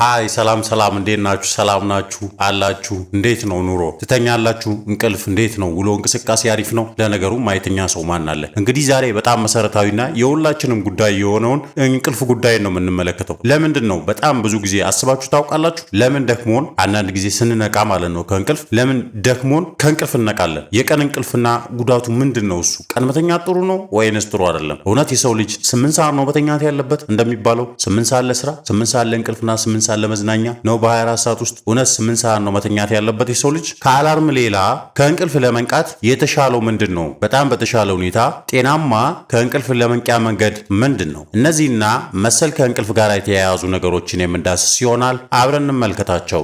ሀይ ሰላም ሰላም፣ እንዴት ናችሁ? ሰላም ናችሁ አላችሁ? እንዴት ነው ኑሮ? ትተኛላችሁ? እንቅልፍ እንዴት ነው? ውሎ እንቅስቃሴ አሪፍ ነው? ለነገሩ ማየተኛ ሰው ማን አለ? እንግዲህ ዛሬ በጣም መሰረታዊና የሁላችንም ጉዳይ የሆነውን እንቅልፍ ጉዳይ ነው የምንመለከተው። ለምንድን ነው በጣም ብዙ ጊዜ አስባችሁ ታውቃላችሁ? ለምን ደክሞን አንዳንድ ጊዜ ስንነቃ ማለት ነው ከእንቅልፍ ለምን ደክሞን ከእንቅልፍ እነቃለን? የቀን እንቅልፍና ጉዳቱ ምንድን ነው? እሱ ቀን መተኛ ጥሩ ነው ወይንስ ጥሩ አይደለም? እውነት የሰው ልጅ ስምንት ሰዓት ነው መተኛት ያለበት እንደሚባለው? ስምንት ሰዓት ለስራ፣ ስምንት ሰዓት ለእንቅልፍና ስምንት ሰዓት ለመዝናኛ ነው። በ24 ሰዓት ውስጥ እውነት 8 ሰዓት ነው መተኛት ያለበት የሰው ልጅ። ከአላርም ሌላ ከእንቅልፍ ለመንቃት የተሻለው ምንድን ነው? በጣም በተሻለ ሁኔታ ጤናማ ከእንቅልፍ ለመንቂያ መንገድ ምንድን ነው? እነዚህና መሰል ከእንቅልፍ ጋር የተያያዙ ነገሮችን የምንዳስስ ይሆናል። አብረን እንመልከታቸው።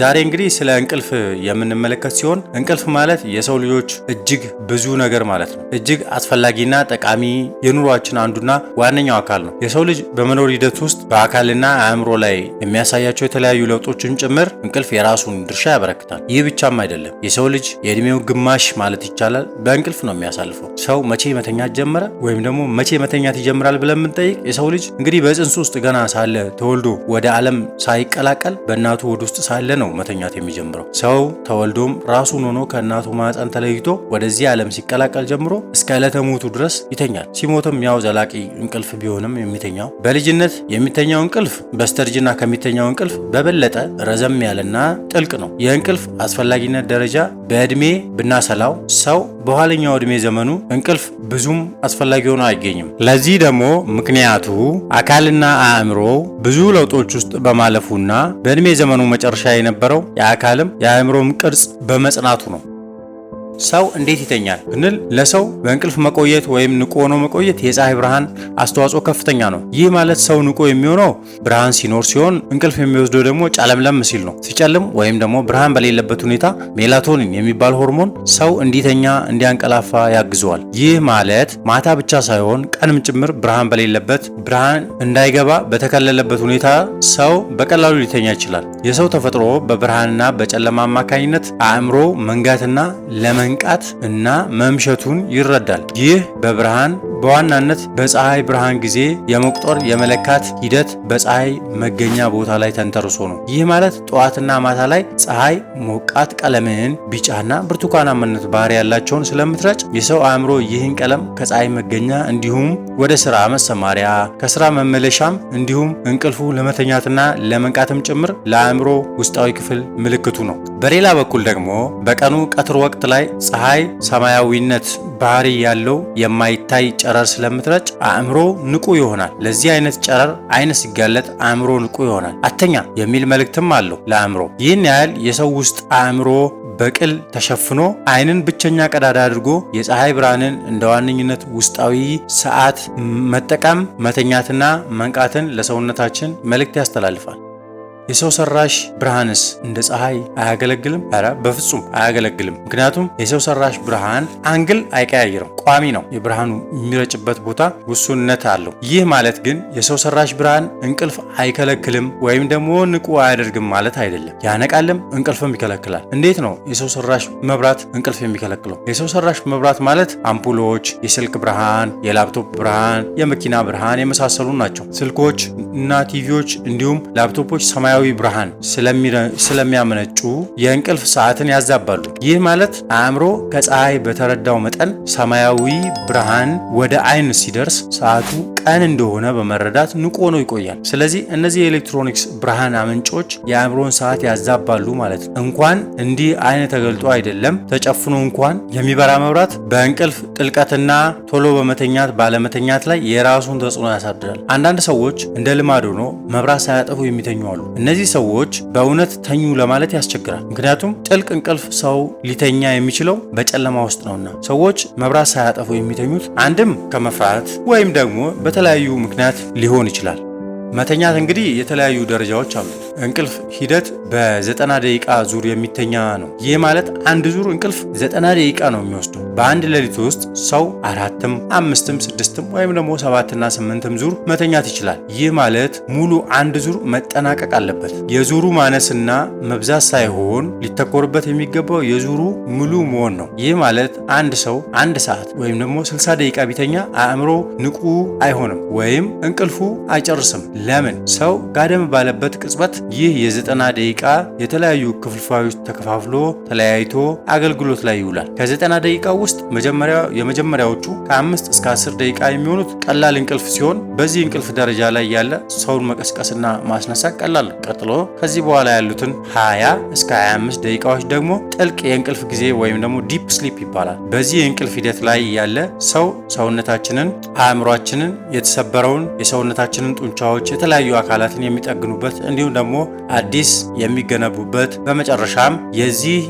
ዛሬ እንግዲህ ስለ እንቅልፍ የምንመለከት ሲሆን እንቅልፍ ማለት የሰው ልጆች እጅግ ብዙ ነገር ማለት ነው። እጅግ አስፈላጊና ጠቃሚ የኑሯችን አንዱና ዋነኛው አካል ነው። የሰው ልጅ በመኖር ሂደት ውስጥ በአካልና አእምሮ ላይ የሚያሳያቸው የተለያዩ ለውጦችን ጭምር እንቅልፍ የራሱን ድርሻ ያበረክታል። ይህ ብቻም አይደለም። የሰው ልጅ የእድሜው ግማሽ ማለት ይቻላል በእንቅልፍ ነው የሚያሳልፈው። ሰው መቼ መተኛት ጀመረ ወይም ደግሞ መቼ መተኛት ይጀምራል ብለን የምንጠይቅ የሰው ልጅ እንግዲህ በጽንስ ውስጥ ገና ሳለ ተወልዶ ወደ ዓለም ሳይቀላቀል በእናቱ ወደ ውስጥ ሳለ ነው ነው መተኛት የሚጀምረው። ሰው ተወልዶም ራሱን ሆኖ ከእናቱ ማህፀን ተለይቶ ወደዚህ ዓለም ሲቀላቀል ጀምሮ እስከ ዕለተ ሞቱ ድረስ ይተኛል። ሲሞትም ያው ዘላቂ እንቅልፍ ቢሆንም የሚተኛው በልጅነት የሚተኛው እንቅልፍ በስተርጅና ከሚተኛው እንቅልፍ በበለጠ ረዘም ያለና ጥልቅ ነው። የእንቅልፍ አስፈላጊነት ደረጃ በእድሜ ብናሰላው ሰው በኋለኛው ዕድሜ ዘመኑ እንቅልፍ ብዙም አስፈላጊ ሆኖ አይገኝም። ለዚህ ደግሞ ምክንያቱ አካልና አእምሮ ብዙ ለውጦች ውስጥ በማለፉና በዕድሜ ዘመኑ መጨረሻ የነበረው የአካልም የአእምሮም ቅርጽ በመጽናቱ ነው። ሰው እንዴት ይተኛል ብንል ለሰው በእንቅልፍ መቆየት ወይም ንቁ ሆኖ መቆየት የፀሐይ ብርሃን አስተዋጽኦ ከፍተኛ ነው። ይህ ማለት ሰው ንቁ የሚሆነው ብርሃን ሲኖር ሲሆን እንቅልፍ የሚወስደው ደግሞ ጨለምለም ሲል ነው። ሲጨልም ወይም ደግሞ ብርሃን በሌለበት ሁኔታ ሜላቶኒን የሚባል ሆርሞን ሰው እንዲተኛ እንዲያንቀላፋ ያግዘዋል። ይህ ማለት ማታ ብቻ ሳይሆን ቀንም ጭምር ብርሃን በሌለበት ብርሃን እንዳይገባ በተከለለበት ሁኔታ ሰው በቀላሉ ሊተኛ ይችላል። የሰው ተፈጥሮ በብርሃንና በጨለማ አማካኝነት አእምሮ መንጋትና ለመ መንቃት እና መምሸቱን ይረዳል። ይህ በብርሃን በዋናነት በፀሐይ ብርሃን ጊዜ የመቁጠር የመለካት ሂደት በፀሐይ መገኛ ቦታ ላይ ተንተርሶ ነው። ይህ ማለት ጠዋትና ማታ ላይ ፀሐይ ሞቃት ቀለምህን ቢጫና ብርቱካናማነት ባህሪ ያላቸውን ስለምትረጭ የሰው አእምሮ ይህን ቀለም ከፀሐይ መገኛ እንዲሁም ወደ ስራ መሰማሪያ ከስራ መመለሻም እንዲሁም እንቅልፉ ለመተኛትና ለመንቃትም ጭምር ለአእምሮ ውስጣዊ ክፍል ምልክቱ ነው። በሌላ በኩል ደግሞ በቀኑ ቀትር ወቅት ላይ ፀሐይ ሰማያዊነት ባህሪ ያለው የማይታይ ጨረር ስለምትረጭ አእምሮ ንቁ ይሆናል። ለዚህ አይነት ጨረር አይን ሲጋለጥ አእምሮ ንቁ ይሆናል። አተኛ የሚል መልእክትም አለው ለአእምሮ። ይህን ያህል የሰው ውስጥ አእምሮ በቅል ተሸፍኖ አይንን ብቸኛ ቀዳዳ አድርጎ የፀሐይ ብርሃንን እንደ ዋነኝነት ውስጣዊ ሰዓት መጠቀም መተኛትና መንቃትን ለሰውነታችን መልእክት ያስተላልፋል። የሰው ሰራሽ ብርሃንስ እንደ ፀሐይ አያገለግልም? ኧረ በፍጹም አያገለግልም። ምክንያቱም የሰው ሰራሽ ብርሃን አንግል አይቀያይርም፣ ቋሚ ነው። የብርሃኑ የሚረጭበት ቦታ ውሱነት አለው። ይህ ማለት ግን የሰው ሰራሽ ብርሃን እንቅልፍ አይከለክልም ወይም ደግሞ ንቁ አያደርግም ማለት አይደለም። ያነቃልም፣ እንቅልፍም ይከለክላል። እንዴት ነው የሰው ሰራሽ መብራት እንቅልፍ የሚከለክለው? የሰው ሰራሽ መብራት ማለት አምፑሎች፣ የስልክ ብርሃን፣ የላፕቶፕ ብርሃን፣ የመኪና ብርሃን የመሳሰሉ ናቸው። ስልኮች እና ቲቪዎች እንዲሁም ላፕቶፖች ሰማያ ሰማያዊ ብርሃን ስለሚያመነጩ የእንቅልፍ ሰዓትን ያዛባሉ። ይህ ማለት አእምሮ ከፀሐይ በተረዳው መጠን ሰማያዊ ብርሃን ወደ አይን ሲደርስ ሰዓቱ ቀን እንደሆነ በመረዳት ንቆ ነው ይቆያል። ስለዚህ እነዚህ የኤሌክትሮኒክስ ብርሃን አመንጮች የአእምሮን ሰዓት ያዛባሉ ማለት ነው። እንኳን እንዲህ አይን ተገልጦ አይደለም ተጨፍኖ እንኳን የሚበራ መብራት በእንቅልፍ ጥልቀትና ቶሎ በመተኛት ባለመተኛት ላይ የራሱን ተጽዕኖ ያሳድራል። አንዳንድ ሰዎች እንደ ልማድ ሆኖ መብራት ሳያጠፉ የሚተኙ አሉ። እነዚህ ሰዎች በእውነት ተኙ ለማለት ያስቸግራል። ምክንያቱም ጥልቅ እንቅልፍ ሰው ሊተኛ የሚችለው በጨለማ ውስጥ ነውና፣ ሰዎች መብራት ሳያጠፉ የሚተኙት አንድም ከመፍራት ወይም ደግሞ በተለያዩ ምክንያት ሊሆን ይችላል። መተኛት እንግዲህ የተለያዩ ደረጃዎች አሉ። እንቅልፍ ሂደት በዘጠና ደቂቃ ዙር የሚተኛ ነው። ይህ ማለት አንድ ዙር እንቅልፍ ዘጠና ደቂቃ ነው የሚወስደው። በአንድ ሌሊት ውስጥ ሰው አራትም አምስትም ስድስትም ወይም ደግሞ ሰባትና ስምንትም ዙር መተኛት ይችላል። ይህ ማለት ሙሉ አንድ ዙር መጠናቀቅ አለበት። የዙሩ ማነስና መብዛት ሳይሆን ሊተኮርበት የሚገባው የዙሩ ሙሉ መሆን ነው። ይህ ማለት አንድ ሰው አንድ ሰዓት ወይም ደግሞ 60 ደቂቃ ቢተኛ አእምሮ ንቁ አይሆንም ወይም እንቅልፉ አይጨርስም። ለምን ሰው ጋደም ባለበት ቅጽበት ይህ የዘጠና ደቂቃ የተለያዩ ክፍልፋዮች ተከፋፍሎ ተለያይቶ አገልግሎት ላይ ይውላል። ከዘጠና ደቂቃ ውስጥ የመጀመሪያዎቹ ከአምስት እስከ አስር ደቂቃ የሚሆኑት ቀላል እንቅልፍ ሲሆን በዚህ እንቅልፍ ደረጃ ላይ ያለ ሰውን መቀስቀስና ማስነሳት ቀላል ነው። ቀጥሎ ከዚህ በኋላ ያሉትን 20 እስከ 25 ደቂቃዎች ደግሞ ጥልቅ የእንቅልፍ ጊዜ ወይም ደግሞ ዲፕ ስሊፕ ይባላል። በዚህ የእንቅልፍ ሂደት ላይ ያለ ሰው ሰውነታችንን፣ አእምሯችንን፣ የተሰበረውን የሰውነታችንን ጡንቻዎች የተለያዩ አካላትን የሚጠግኑበት እንዲሁም ደግሞ አዲስ የሚገነቡበት በመጨረሻም የዚህ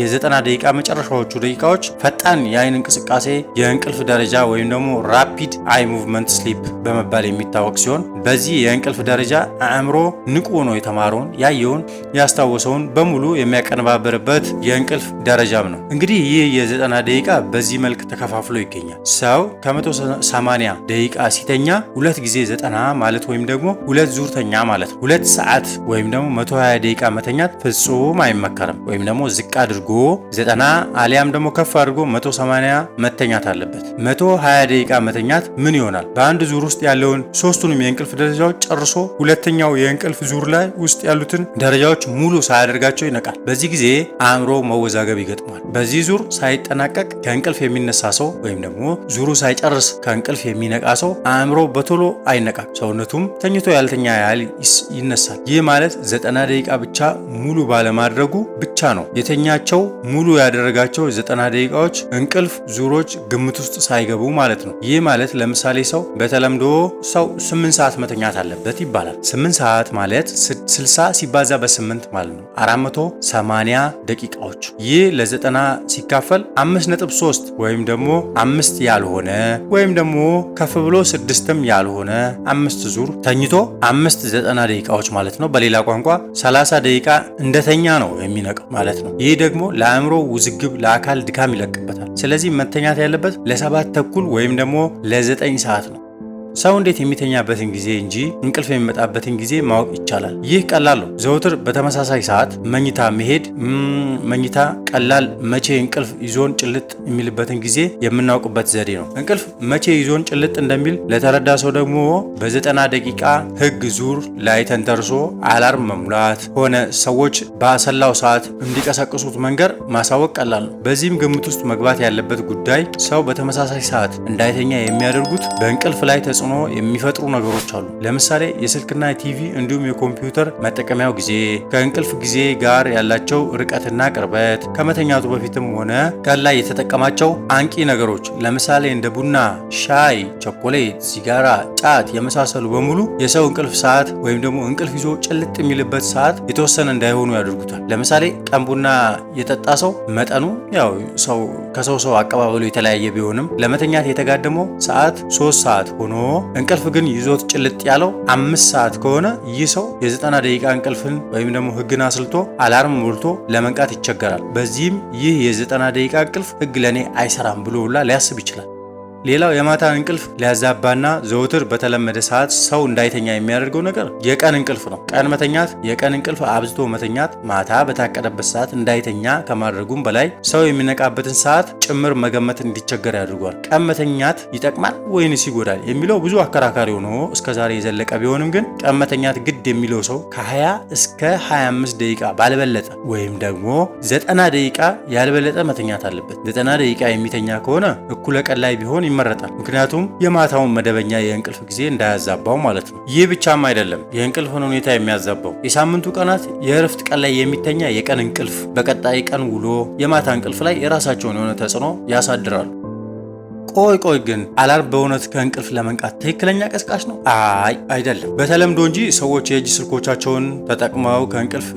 የዘጠና ደቂቃ መጨረሻዎቹ ደቂቃዎች ፈጣን የአይን እንቅስቃሴ የእንቅልፍ ደረጃ ወይም ደግሞ ራፒድ አይ ሙቭመንት ስሊፕ በመባል የሚታወቅ ሲሆን በዚህ የእንቅልፍ ደረጃ አእምሮ ንቁ ሆኖ የተማረውን ያየውን ያስታወሰውን በሙሉ የሚያቀነባበርበት የእንቅልፍ ደረጃም ነው። እንግዲህ ይህ የዘጠና ደቂቃ በዚህ መልክ ተከፋፍሎ ይገኛል። ሰው ከመቶ 180 ደቂቃ ሲተኛ ሁለት ጊዜ ዘጠና ማለት ወይም ደግሞ ሁለት ዙርተኛ ማለት ነው። ሁለት ሰዓት ወይም ደግሞ 120 ደቂቃ መተኛት ፍጹም አይመከርም። ወይም ደግሞ ዝቅ አድርጎ 90 አሊያም ደግሞ ከፍ አድርጎ 180 መተኛት አለበት። 120 ደቂቃ መተኛት ምን ይሆናል? በአንድ ዙር ውስጥ ያለውን ሶስቱንም የእንቅልፍ ደረጃዎች ጨርሶ ሁለተኛው የእንቅልፍ ዙር ላይ ውስጥ ያሉትን ደረጃዎች ሙሉ ሳያደርጋቸው ይነቃል። በዚህ ጊዜ አእምሮ መወዛገብ ይገጥሟል። በዚህ ዙር ሳይጠናቀቅ ከእንቅልፍ የሚነሳ ሰው ወይም ደግሞ ዙሩ ሳይጨርስ ከእንቅልፍ የሚነቃ ሰው አእምሮ በቶሎ አይነቃል። ይሆናል። ሰውነቱም ተኝቶ ያልተኛ ያህል ይነሳል። ይህ ማለት ዘጠና ደቂቃ ብቻ ሙሉ ባለማድረጉ ብቻ ነው። የተኛቸው ሙሉ ያደረጋቸው ዘጠና ደቂቃዎች እንቅልፍ ዙሮች ግምት ውስጥ ሳይገቡ ማለት ነው። ይህ ማለት ለምሳሌ ሰው በተለምዶ ሰው 8 ሰዓት መተኛት አለበት ይባላል። ስምንት ሰዓት ማለት ስልሳ ሲባዛ በ8 ማለት ነው 480 ደቂቃዎች። ይህ ለዘጠና ሲካፈል አምስት ነጥብ ሶስት ወይም ደግሞ አምስት ያልሆነ ወይም ደግሞ ከፍ ብሎ ስድስትም ያልሆነ አምስት ዙር ተኝቶ አምስት ዘጠና ደቂቃዎች ማለት ነው። በሌላ ቋንቋ 30 ደቂቃ እንደተኛ ነው የሚነቃው ማለት ነው። ይህ ደግሞ ለአእምሮ ውዝግብ፣ ለአካል ድካም ይለቅበታል። ስለዚህ መተኛት ያለበት ለሰባት ተኩል ወይም ደግሞ ለዘጠኝ ሰዓት ነው። ሰው እንዴት የሚተኛበትን ጊዜ እንጂ እንቅልፍ የሚመጣበትን ጊዜ ማወቅ ይቻላል። ይህ ቀላል ነው። ዘውትር በተመሳሳይ ሰዓት መኝታ መሄድ መኝታ ቀላል መቼ እንቅልፍ ይዞን ጭልጥ የሚልበትን ጊዜ የምናውቅበት ዘዴ ነው። እንቅልፍ መቼ ይዞን ጭልጥ እንደሚል ለተረዳ ሰው ደግሞ በዘጠና ደቂቃ ህግ ዙር ላይ ተንተርሶ አላርም መሙላት ሆነ ሰዎች በአሰላው ሰዓት እንዲቀሰቅሱት መንገር ማሳወቅ ቀላል ነው። በዚህም ግምት ውስጥ መግባት ያለበት ጉዳይ ሰው በተመሳሳይ ሰዓት እንዳይተኛ የሚያደርጉት በእንቅልፍ ላይ ተጽ ተጽዕኖ የሚፈጥሩ ነገሮች አሉ። ለምሳሌ የስልክና የቲቪ እንዲሁም የኮምፒውተር መጠቀሚያው ጊዜ፣ ከእንቅልፍ ጊዜ ጋር ያላቸው ርቀትና ቅርበት፣ ከመተኛቱ በፊትም ሆነ ቀን ላይ የተጠቀማቸው አንቂ ነገሮች ለምሳሌ እንደ ቡና፣ ሻይ፣ ቸኮሌት፣ ሲጋራ፣ ጫት የመሳሰሉ በሙሉ የሰው እንቅልፍ ሰዓት ወይም ደግሞ እንቅልፍ ይዞ ጭልጥ የሚልበት ሰዓት የተወሰነ እንዳይሆኑ ያደርጉታል። ለምሳሌ ቀን ቡና የጠጣ ሰው መጠኑ ያው ሰው ከሰው ሰው አቀባበሉ የተለያየ ቢሆንም ለመተኛት የተጋደመው ሰዓት ሶስት ሰዓት ሆኖ እንቅልፍ ግን ይዞት ጭልጥ ያለው አምስት ሰዓት ከሆነ ይህ ሰው የዘጠና ደቂቃ እንቅልፍን ወይም ደግሞ ህግን አስልቶ አላርም ሞልቶ ለመንቃት ይቸገራል። በዚህም ይህ የዘጠና ደቂቃ እንቅልፍ ህግ ለእኔ አይሰራም ብሎ ሁላ ሊያስብ ይችላል። ሌላው የማታ እንቅልፍ ሊያዛባና ዘውትር በተለመደ ሰዓት ሰው እንዳይተኛ የሚያደርገው ነገር የቀን እንቅልፍ ነው። ቀን መተኛት፣ የቀን እንቅልፍ አብዝቶ መተኛት ማታ በታቀደበት ሰዓት እንዳይተኛ ከማድረጉም በላይ ሰው የሚነቃበትን ሰዓት ጭምር መገመት እንዲቸገር ያድርጓል። ቀን መተኛት ይጠቅማል ወይንስ ይጎዳል የሚለው ብዙ አከራካሪ ሆኖ እስከዛሬ የዘለቀ ቢሆንም ግን ቀን መተኛት ግድ የሚለው ሰው ከ20 እስከ 25 ደቂቃ ባልበለጠ ወይም ደግሞ 90 ደቂቃ ያልበለጠ መተኛት አለበት። 90 ደቂቃ የሚተኛ ከሆነ እኩለ ቀን ላይ ቢሆን ይመረጣል። ምክንያቱም የማታውን መደበኛ የእንቅልፍ ጊዜ እንዳያዛባው ማለት ነው። ይህ ብቻም አይደለም የእንቅልፍን ሁኔታ የሚያዛባው የሳምንቱ ቀናት የእረፍት ቀን ላይ የሚተኛ የቀን እንቅልፍ በቀጣይ ቀን ውሎ የማታ እንቅልፍ ላይ የራሳቸውን የሆነ ተጽዕኖ ያሳድራሉ። ቆይ ቆይ ግን አላር በእውነት ከእንቅልፍ ለመንቃት ትክክለኛ ቀስቃሽ ነው? አይ አይደለም፣ በተለምዶ እንጂ ሰዎች የእጅ ስልኮቻቸውን ተጠቅመው ከእንቅልፍ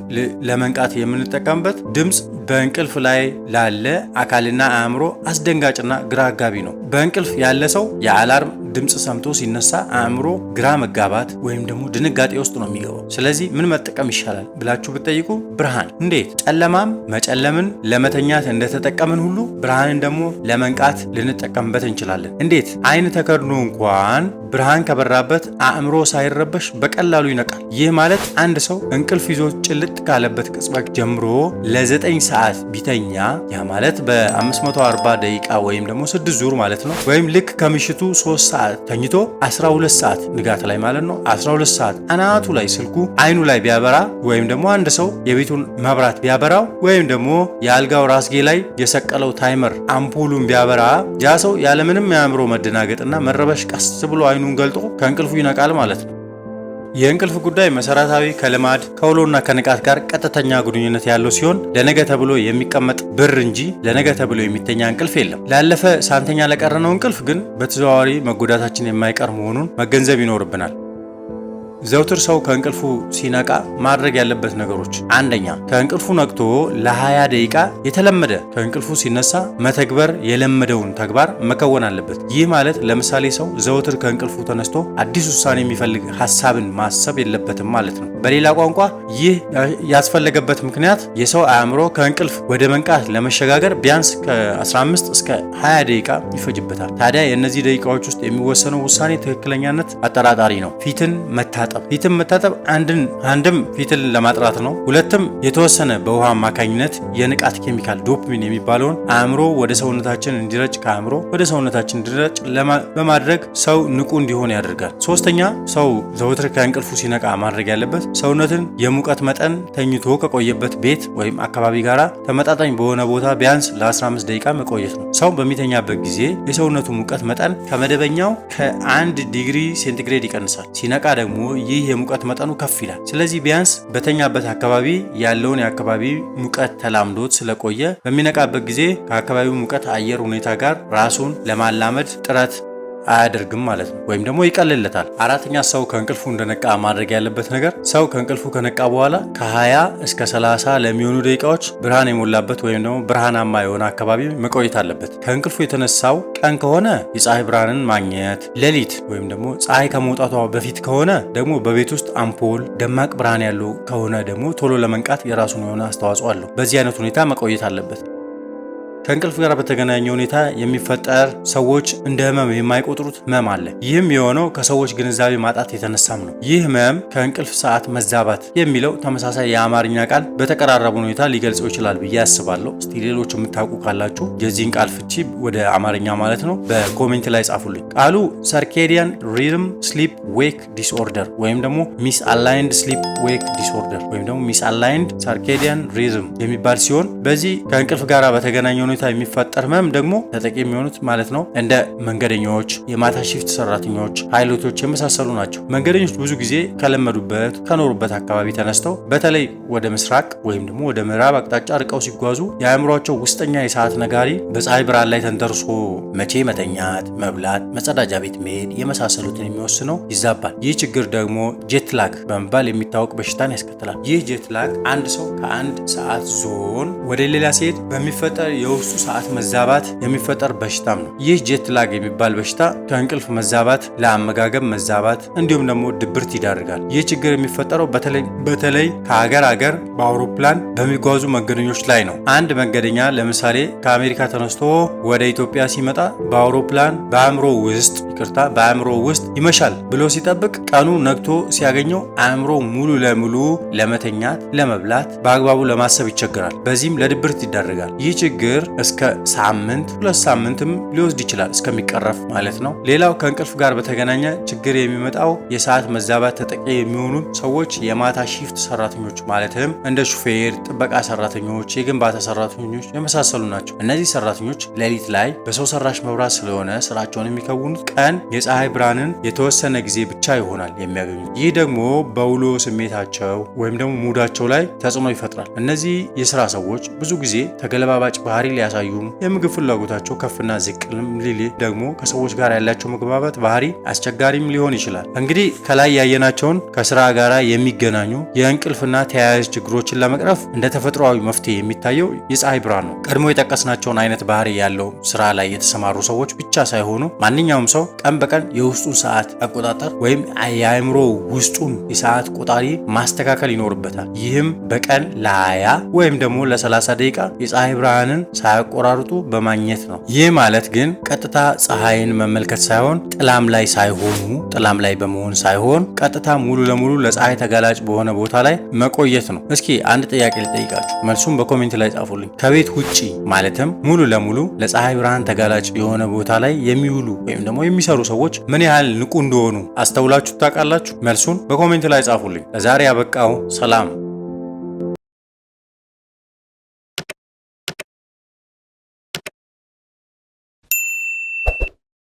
ለመንቃት የምንጠቀምበት ድምፅ በእንቅልፍ ላይ ላለ አካልና አእምሮ አስደንጋጭና ግራ አጋቢ ነው። በእንቅልፍ ያለ ሰው የአላርም ድምፅ ሰምቶ ሲነሳ አእምሮ ግራ መጋባት ወይም ደግሞ ድንጋጤ ውስጥ ነው የሚገባው። ስለዚህ ምን መጠቀም ይሻላል ብላችሁ ብትጠይቁ ብርሃን። እንዴት ጨለማም መጨለምን ለመተኛት እንደተጠቀምን ሁሉ ብርሃንን ደግሞ ለመንቃት ልንጠቀምበት እንችላለን። እንዴት? አይን ተከድኖ እንኳን ብርሃን ከበራበት አእምሮ ሳይረበሽ በቀላሉ ይነቃል። ይህ ማለት አንድ ሰው እንቅልፍ ይዞ ጭልጥ ካለበት ቅጽበት ጀምሮ ለዘጠኝ ሰዓት ቢተኛ ያ ማለት በ540 ደቂቃ ወይም ደግሞ ስድስት ዙር ማለት ነው። ወይም ልክ ከምሽቱ 3 ሰዓት ተኝቶ 12 ሰዓት ንጋት ላይ ማለት ነው 12 ሰዓት አናቱ ላይ ስልኩ አይኑ ላይ ቢያበራ ወይም ደግሞ አንድ ሰው የቤቱን መብራት ቢያበራው ወይም ደግሞ የአልጋው ራስጌ ላይ የሰቀለው ታይመር አምፑሉን ቢያበራ ያ ሰው ያለምንም የአእምሮ መደናገጥና መረበሽ ቀስ ብሎ አይኑን ገልጦ ከእንቅልፉ ይነቃል ማለት ነው። የእንቅልፍ ጉዳይ መሰረታዊ ከልማድ ከውሎና ከንቃት ጋር ቀጥተኛ ግንኙነት ያለው ሲሆን ለነገ ተብሎ የሚቀመጥ ብር እንጂ ለነገ ተብሎ የሚተኛ እንቅልፍ የለም። ላለፈ ሳንተኛ ለቀረነው እንቅልፍ ግን በተዘዋዋሪ መጎዳታችን የማይቀር መሆኑን መገንዘብ ይኖርብናል። ዘውትር ሰው ከእንቅልፉ ሲነቃ ማድረግ ያለበት ነገሮች፣ አንደኛ ከእንቅልፉ ነቅቶ ለ20 ደቂቃ የተለመደ ከእንቅልፉ ሲነሳ መተግበር የለመደውን ተግባር መከወን አለበት። ይህ ማለት ለምሳሌ ሰው ዘውትር ከእንቅልፉ ተነስቶ አዲስ ውሳኔ የሚፈልግ ሀሳብን ማሰብ የለበትም ማለት ነው። በሌላ ቋንቋ ይህ ያስፈለገበት ምክንያት የሰው አእምሮ ከእንቅልፍ ወደ መንቃት ለመሸጋገር ቢያንስ ከ15 እስከ 20 ደቂቃ ይፈጅበታል። ታዲያ የእነዚህ ደቂቃዎች ውስጥ የሚወሰነው ውሳኔ ትክክለኛነት አጠራጣሪ ነው። ፊትን መታ መታጠብ። ፊትን መታጠብ አንድን አንድም ፊትን ለማጥራት ነው፣ ሁለትም የተወሰነ በውሃ አማካኝነት የንቃት ኬሚካል ዶፕሚን የሚባለውን አእምሮ ወደ ሰውነታችን እንዲረጭ ከአእምሮ ወደ ሰውነታችን እንዲረጭ በማድረግ ሰው ንቁ እንዲሆን ያደርጋል። ሶስተኛ ሰው ዘውትር ከእንቅልፉ ሲነቃ ማድረግ ያለበት ሰውነትን የሙቀት መጠን ተኝቶ ከቆየበት ቤት ወይም አካባቢ ጋር ተመጣጣኝ በሆነ ቦታ ቢያንስ ለ15 ደቂቃ መቆየት ነው። ሰው በሚተኛበት ጊዜ የሰውነቱ ሙቀት መጠን ከመደበኛው ከአንድ ዲግሪ ሴንቲግሬድ ይቀንሳል። ሲነቃ ደግሞ ይህ የሙቀት መጠኑ ከፍ ይላል። ስለዚህ ቢያንስ በተኛበት አካባቢ ያለውን የአካባቢ ሙቀት ተላምዶት ስለቆየ በሚነቃበት ጊዜ ከአካባቢው ሙቀት አየር ሁኔታ ጋር ራሱን ለማላመድ ጥረት አያደርግም ማለት ነው፣ ወይም ደግሞ ይቀልለታል። አራተኛ ሰው ከእንቅልፉ እንደነቃ ማድረግ ያለበት ነገር ሰው ከእንቅልፉ ከነቃ በኋላ ከ20 እስከ 30 ለሚሆኑ ደቂቃዎች ብርሃን የሞላበት ወይም ደግሞ ብርሃናማ የሆነ አካባቢ መቆየት አለበት። ከእንቅልፉ የተነሳው ቀን ከሆነ የፀሐይ ብርሃንን ማግኘት፣ ሌሊት ወይም ደግሞ ፀሐይ ከመውጣቷ በፊት ከሆነ ደግሞ በቤት ውስጥ አምፖል ደማቅ ብርሃን ያለው ከሆነ ደግሞ ቶሎ ለመንቃት የራሱን የሆነ አስተዋጽኦ አለው። በዚህ አይነት ሁኔታ መቆየት አለበት። ከእንቅልፍ ጋር በተገናኘ ሁኔታ የሚፈጠር ሰዎች እንደ ህመም የማይቆጥሩት ህመም አለ። ይህም የሆነው ከሰዎች ግንዛቤ ማጣት የተነሳም ነው። ይህ ህመም ከእንቅልፍ ሰዓት መዛባት የሚለው ተመሳሳይ የአማርኛ ቃል በተቀራረበ ሁኔታ ሊገልጸው ይችላል ብዬ አስባለሁ። እስቲ ሌሎች የምታውቁ ካላችሁ የዚህን ቃል ፍቺ ወደ አማርኛ ማለት ነው በኮሜንት ላይ ጻፉልኝ። ቃሉ ሰርኬዲያን ሪድም ስሊፕ ዌክ ዲስኦርደር ወይም ደግሞ ሚስ አላይንድ ስሊፕ ዌክ ዲስኦርደር ወይም ደግሞ ሚስ አላይንድ ሰርኬዲያን ሪዝም የሚባል ሲሆን በዚህ ከእንቅልፍ ጋር በተገናኘ ሁኔታ ሁኔታ የሚፈጠር ህመም ደግሞ ተጠቂ የሚሆኑት ማለት ነው እንደ መንገደኞች፣ የማታ ሽፍት ሰራተኞች፣ ፓይሎቶች የመሳሰሉ ናቸው። መንገደኞች ብዙ ጊዜ ከለመዱበት ከኖሩበት አካባቢ ተነስተው በተለይ ወደ ምስራቅ ወይም ደግሞ ወደ ምዕራብ አቅጣጫ ርቀው ሲጓዙ የአእምሯቸው ውስጠኛ የሰዓት ነጋሪ በፀሐይ ብርሃን ላይ ተንተርሶ መቼ መተኛት፣ መብላት፣ መጸዳጃ ቤት መሄድ የመሳሰሉትን የሚወስነው ይዛባል። ይህ ችግር ደግሞ ጄትላግ በመባል የሚታወቅ በሽታን ያስከትላል። ይህ ጄትላግ አንድ ሰው ከአንድ ሰዓት ዞን ወደ ሌላ ሲሄድ በሚፈጠር የውስ የእሱ ሰዓት መዛባት የሚፈጠር በሽታም ነው። ይህ ጄት ላግ የሚባል በሽታ ከእንቅልፍ መዛባት፣ ለአመጋገብ መዛባት እንዲሁም ደግሞ ድብርት ይዳርጋል። ይህ ችግር የሚፈጠረው በተለይ ከሀገር ሀገር በአውሮፕላን በሚጓዙ መንገደኞች ላይ ነው። አንድ መንገደኛ ለምሳሌ ከአሜሪካ ተነስቶ ወደ ኢትዮጵያ ሲመጣ በአውሮፕላን በአእምሮ ውስጥ ይቅርታ፣ በአእምሮ ውስጥ ይመሻል ብሎ ሲጠብቅ ቀኑ ነግቶ ሲያገኘው አእምሮ ሙሉ ለሙሉ ለመተኛት፣ ለመብላት፣ በአግባቡ ለማሰብ ይቸግራል። በዚህም ለድብርት ይዳረጋል። ይህ ችግር እስከ ሳምንት ሁለት ሳምንትም ሊወስድ ይችላል እስከሚቀረፍ ማለት ነው። ሌላው ከእንቅልፍ ጋር በተገናኘ ችግር የሚመጣው የሰዓት መዛባት ተጠቂ የሚሆኑ ሰዎች የማታ ሺፍት ሰራተኞች ማለትም እንደ ሹፌር፣ ጥበቃ ሰራተኞች፣ የግንባታ ሰራተኞች የመሳሰሉ ናቸው። እነዚህ ሰራተኞች ሌሊት ላይ በሰው ሰራሽ መብራት ስለሆነ ስራቸውን የሚከውኑት ቀን የፀሐይ ብርሃንን የተወሰነ ጊዜ ብቻ ይሆናል የሚያገኙት። ይህ ደግሞ በውሎ ስሜታቸው ወይም ደግሞ ሙዳቸው ላይ ተጽዕኖ ይፈጥራል። እነዚህ የስራ ሰዎች ብዙ ጊዜ ተገለባባጭ ባህሪ ሊያሳዩም የምግብ ፍላጎታቸው ከፍና ዝቅልም ሊል ደግሞ ከሰዎች ጋር ያላቸው መግባባት ባህሪ አስቸጋሪም ሊሆን ይችላል። እንግዲህ ከላይ ያየናቸውን ከስራ ጋር የሚገናኙ የእንቅልፍና ተያያዥ ችግሮችን ለመቅረፍ እንደ ተፈጥሯዊ መፍትሄ የሚታየው የፀሐይ ብርሃን ነው። ቀድሞ የጠቀስናቸውን አይነት ባህሪ ያለው ስራ ላይ የተሰማሩ ሰዎች ብቻ ሳይሆኑ ማንኛውም ሰው ቀን በቀን የውስጡን ሰዓት አቆጣጠር ወይም የአእምሮ ውስጡን የሰዓት ቆጣሪ ማስተካከል ይኖርበታል። ይህም በቀን ለ20 ወይም ደግሞ ለ30 ደቂቃ የፀሐይ ብርሃንን ሳያቆራርጡ በማግኘት ነው። ይህ ማለት ግን ቀጥታ ፀሐይን መመልከት ሳይሆን ጥላም ላይ ሳይሆኑ ጥላም ላይ በመሆን ሳይሆን ቀጥታ ሙሉ ለሙሉ ለፀሐይ ተጋላጭ በሆነ ቦታ ላይ መቆየት ነው። እስኪ አንድ ጥያቄ ልጠይቃችሁ፣ መልሱም በኮሜንት ላይ ጻፉልኝ። ከቤት ውጪ ማለትም ሙሉ ለሙሉ ለፀሐይ ብርሃን ተጋላጭ የሆነ ቦታ ላይ የሚውሉ ወይም ደግሞ የሚሰሩ ሰዎች ምን ያህል ንቁ እንደሆኑ አስተውላችሁ ታውቃላችሁ? መልሱን በኮሜንት ላይ ጻፉልኝ። ለዛሬ ያበቃው ሰላም